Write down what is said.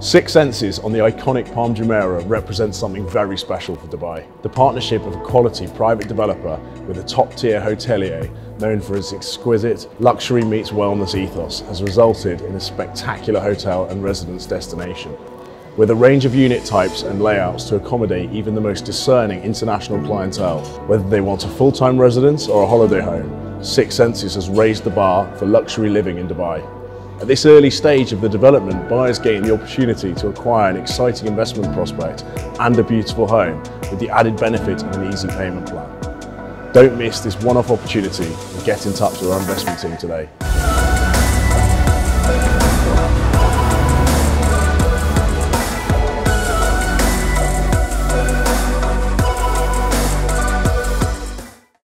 Six Senses on the iconic Palm Jumeirah represents something very special for Dubai. The partnership of a quality private developer with a top-tier hotelier known for its exquisite luxury meets wellness ethos has resulted in a spectacular hotel and residence destination. With a range of unit types and layouts to accommodate even the most discerning international clientele, whether they want a full-time residence or a holiday home, Six Senses has raised the bar for luxury living in Dubai. At this early stage of the development, buyers gain the opportunity to acquire an exciting investment prospect and a beautiful home with the added benefit of an easy payment plan. Don't miss this one-off opportunity and get in touch with our investment team today.